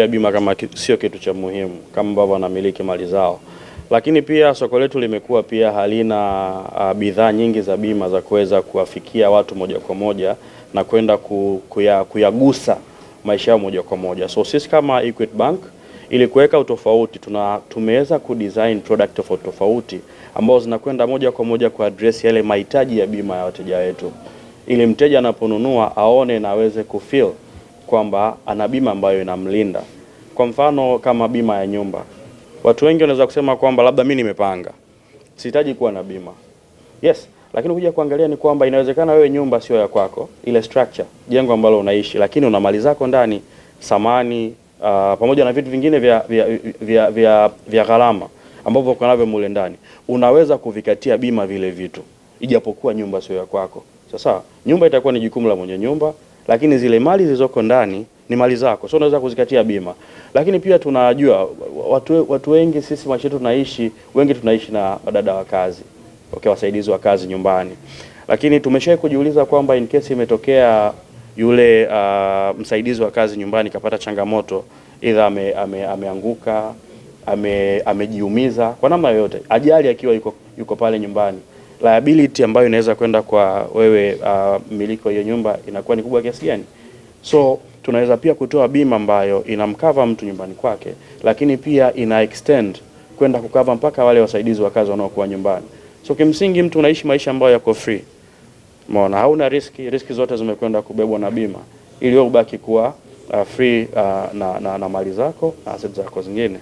wanachukulia bima kama sio kitu cha muhimu kama ambavyo wanamiliki mali zao. Lakini pia soko letu limekuwa pia halina uh, bidhaa nyingi za bima za kuweza kuwafikia watu moja kwa moja na kwenda kuyagusa maisha yao moja kwa moja. So sisi kama Equity Bank ili kuweka utofauti tuna tumeweza kudesign product of tofauti ambazo zinakwenda moja kwa moja ku address yale mahitaji ya bima ya wateja wetu, ili mteja anaponunua aone na aweze kufeel kwamba ana bima ambayo inamlinda. Kwa mfano kama bima ya nyumba, watu wengi wanaweza kusema kwamba labda mimi nimepanga, sihitaji kuwa na bima yes, lakini kuja kuangalia ni kwamba inawezekana wewe nyumba sio ya kwako, ile structure, jengo ambalo unaishi, lakini una mali zako ndani, samani uh, pamoja na vitu vingine vya vya, vya, vya, vya gharama ambavyo uko navyo mule ndani, unaweza kuvikatia bima vile vitu, ijapokuwa nyumba sio ya kwako. Sasa nyumba itakuwa ni jukumu la mwenye nyumba lakini zile mali zilizoko ndani ni mali zako, so unaweza kuzikatia bima. Lakini pia tunajua watu, watu wengi sisi maisha yetu tunaishi, wengi tunaishi na wadada wa kazi okay, wasaidizi wa kazi nyumbani, lakini tumeshawahi kujiuliza kwamba in case imetokea yule uh, msaidizi wa kazi nyumbani kapata changamoto, ila ame, ame, ameanguka amejiumiza kwa namna yoyote, ajali akiwa yuko, yuko pale nyumbani liability ambayo inaweza kwenda kwa wewe mmiliki uh, wa hiyo nyumba inakuwa ni kubwa kiasi gani. So tunaweza pia kutoa bima ambayo inamkava mtu nyumbani kwake, lakini pia ina extend kwenda kukava mpaka wale wasaidizi wa kazi wanaokuwa nyumbani. So kimsingi mtu unaishi maisha ambayo yako free, umeona, hauna riski, riski zote zimekwenda kubebwa na bima ili ubaki kuwa uh, free uh, na, na, na mali zako na asset zako zingine.